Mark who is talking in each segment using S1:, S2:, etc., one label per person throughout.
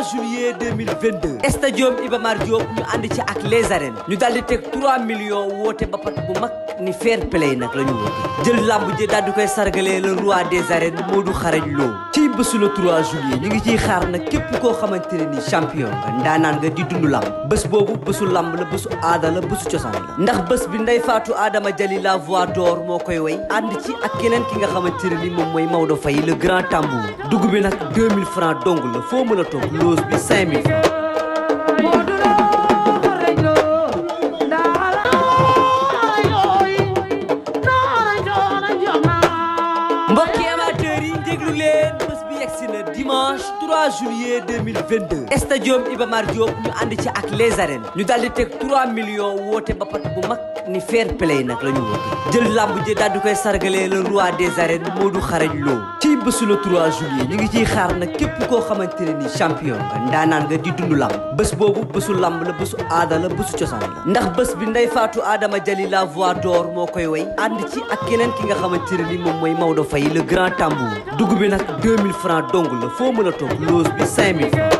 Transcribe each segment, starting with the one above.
S1: 3 juillet 2022 stadium Iba Mar Diop ñu ànd ci ak les arènes ñu daal di teg 3 million woote ba pat bu mag ni fair play nag la ñu woote jël làmb ji daal koy sargalee le roi des arènes Modou Xarañ Lo ci bésu le 3 juillet ñu ngi ciy xaar na képp koo xamante ne ni champion nga ndaanaan nga di dund làmb bés boobu bësu làmb la bésu aada la bésu cosaan la ndax bës bi ndey faatu aadama Jali la voix d'or moo koy way ànd ci ak keneen ki nga xamante ne ni moom mooy Maodo Faye le grand tambour dugg bi nag 2000 francs mën a dose bi 5000 francs mbokki amateur yi déglu leen bés bi yegsi na dimanche 3 juillet 2022 stadium Iba Mar Diop ñu ànd ci ak les arènes ñu daldi teg 3 millions woote ba pat bu mag ni fair play nag la ñu jël làmb ji daal di koy sargalee le roi des arènes Modou Xarañ Lo ci bésu le 3 juillet ñu ngi ciy xaar na képp koo xamante ne ni champion nga ndaanaan nga di dund làmb bës boobu bësu làmb la bésu aada la bésu cosaan la ndax bës bi nday faatu aadama Jali la voix d'or moo koy way ànd ci ak keneen ki nga xamante ne ni moom mooy Maodo Faye le grand tambour dugub bi nag mil francs dong la foo mën a toog loose bi 5000 francs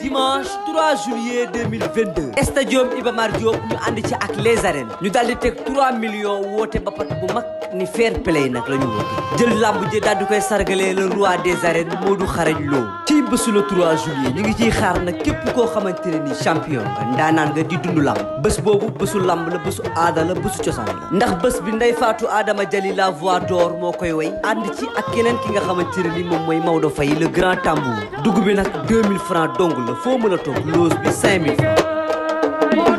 S1: dimanche 3 juillet 2022 stadium Iba Mar Diop ñu ànd ci ak les arènes ñu daal di teg 3 millions woote ba pat bu mag ni fair play nag la ñu jël làmb ji daal di koy sargalee le roi des moo Modou Xarañ Lo ci bésu le 3 juillet ñu ngi ciy xaar nag képp koo xamante ne ni champion nga ndaanaan nga di dund làmb bés boobu bésu làmb la bésu aada la bésu cosaan la ndax bés bi nday faatu aadama Jali la voix d'or moo koy wey ànd ci ak keneen ki nga xamante ne ni moom mooy Maodo Faye le grand tambour dugub bi nag 2000 francs dong la foo mën a bi 5000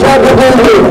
S1: Thank you.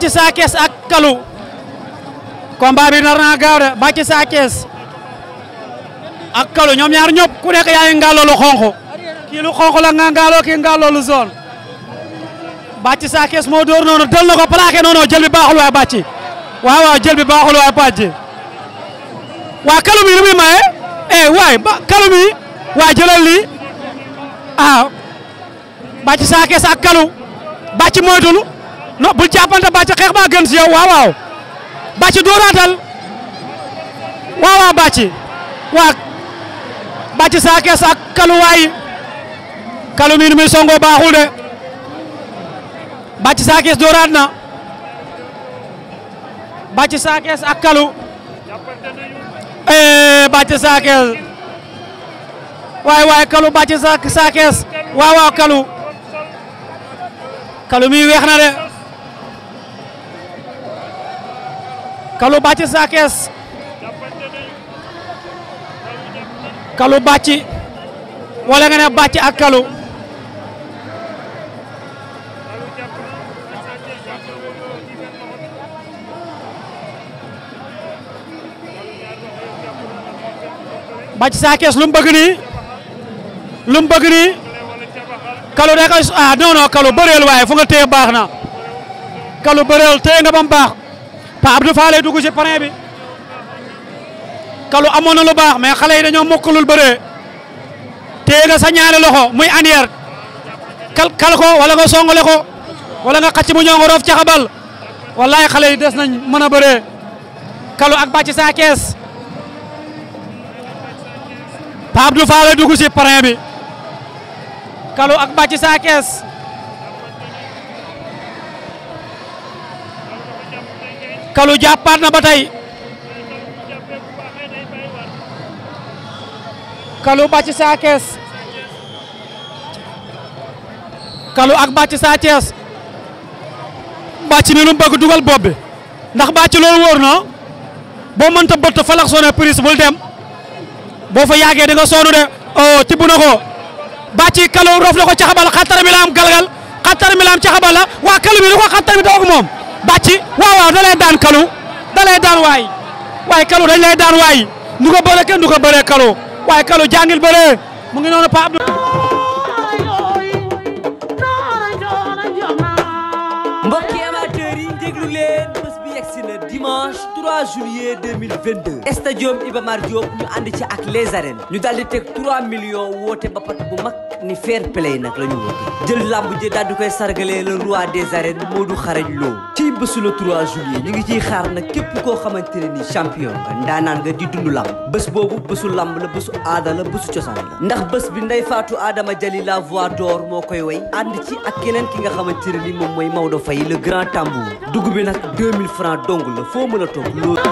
S2: Bathie Sathies ak Kalou combat bi nar naa gaaw de Bathie Sathies ak Kalou ñoom ñaar ñëpp ku nekk yaa ngi ngaaloo lu xonq la nga ngaaloo kii ngaaloo lu zone Bathie moo dóor noonu dal na ko noonu jël bi baaxul waaye Bathie waaw waaw jël bi baaxul waaye Bathie waa Kalou mi lu muy maye eh waay ba Kalou mi waa jëlal lii ah Bathie Sathies ak Kalou Bathie moytul non bul jàppante bàcc xeex ba gën si yow waaw waaw bàcc dóoraatal waaw waaw waa bàcc saa kees waay kalu mi nu muy baaxul de bàcc saa kees dóoraat na bàcc saa eh, kees waay waay kalu bàcc saa kees waaw kalu kalu mi weex de. Kalu Bàcci Sa Thiès Kalu Bàcci wala nga ne Bàcci ak Kalu Bàcci Sa Thiès lu mu bëgg nii lu mu bëgg Kalu da koy ah Kalu bëreel waaye fu nga téye baax na Kalu bëreel téye nga ba mu Pa Abdou Fall dugg ci parrain bi kalu amoon na lu baax mais xale yi dañoo mokkalul bëree téye nga sañaare loxo muy anière kal kal ko wala nga songale ko wala nga xacc mu ñoo nga roof ca xabal wallaay xale yi des nañ mën a bëree kalu ak bàcc saa kees Pa Abdou Fall dugg bi kalu ak bàcc saa kalu jàppaat na ba tey kalu bàcc saa kees kalu ak bàcc saa kees bàcc mi lu mu bëgg dugal bopp bi ndax bàcc loolu wóor na boo mënta bëtt falak soone prise bul dem boo fa yàggee di nga soonu de oh tibb na ko bàcc kalu rof na ko caxabal xattar mi la am galgal xattar mi la caxabal la waa kalu mi lu ko xattar mi doog moom bàcc waaw waaw da lay daan kalu da lay daan waay waaye kalu da lay daan waay nu ko bëree kenn du ko bëree kalu waaye kalu jàngil bëree mu ngi noonu Pa Abdou
S1: bi yegsi na dimanche 3 juillet 2022 stadium Iba Mar Diop ñu ànd ci ak les arènes ñu daal di teg 3 millions woote ba pat bu mag ni fair play nag la ñu woote jël lamb ji daal di koy sargalee le roi des arènes Modou Xarañ Lo ci bésu le 3 juillet ñu ngi ciy xaar nag képp koo xamante ne ni champion nga di dund lamb bés boobu bésu lamb la bésu aada la bésu cosaan la ndax bés bi nday faatu aadama Jali la voix d'or moo koy way ànd ci ak keneen ki nga xamante ne ni moom mooy Maodo Faye le grand tambour dugg bi nag 2000 francs dong la foo mën a toog loolu.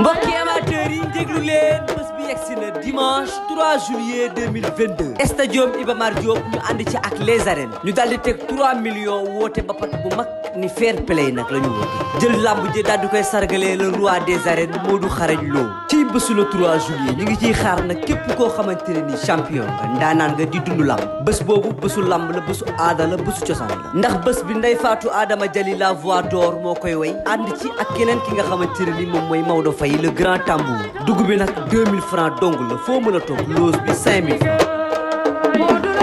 S1: mbokki amateurs yi déglu leen. yegsi na dimanche 3 juillet 2022 stadium Iba Mar ñu ànd ci ak les arènes ñu daal teg 3 millions woote ba pat bu mag ni fair play nag la ñu woote jël làmb ji daal di koy sargalee le roi des arènes Modou Xarañ Lo ci bésu le 3 juillet ñu ngi ciy xaar na képp koo xamante ne ni champion nga ndaanaan nga di dund làmb bés boobu bésu làmb la bésu aada la bésu cosaan la ndax bés bi nday faatu aadama Jali la voix d'or moo koy way ànd ci ak keneen ki nga xamante ne ni moom mooy Maodo Faye le grand tambour dugg bi francs dong la foo mën a toog
S2: bi 5000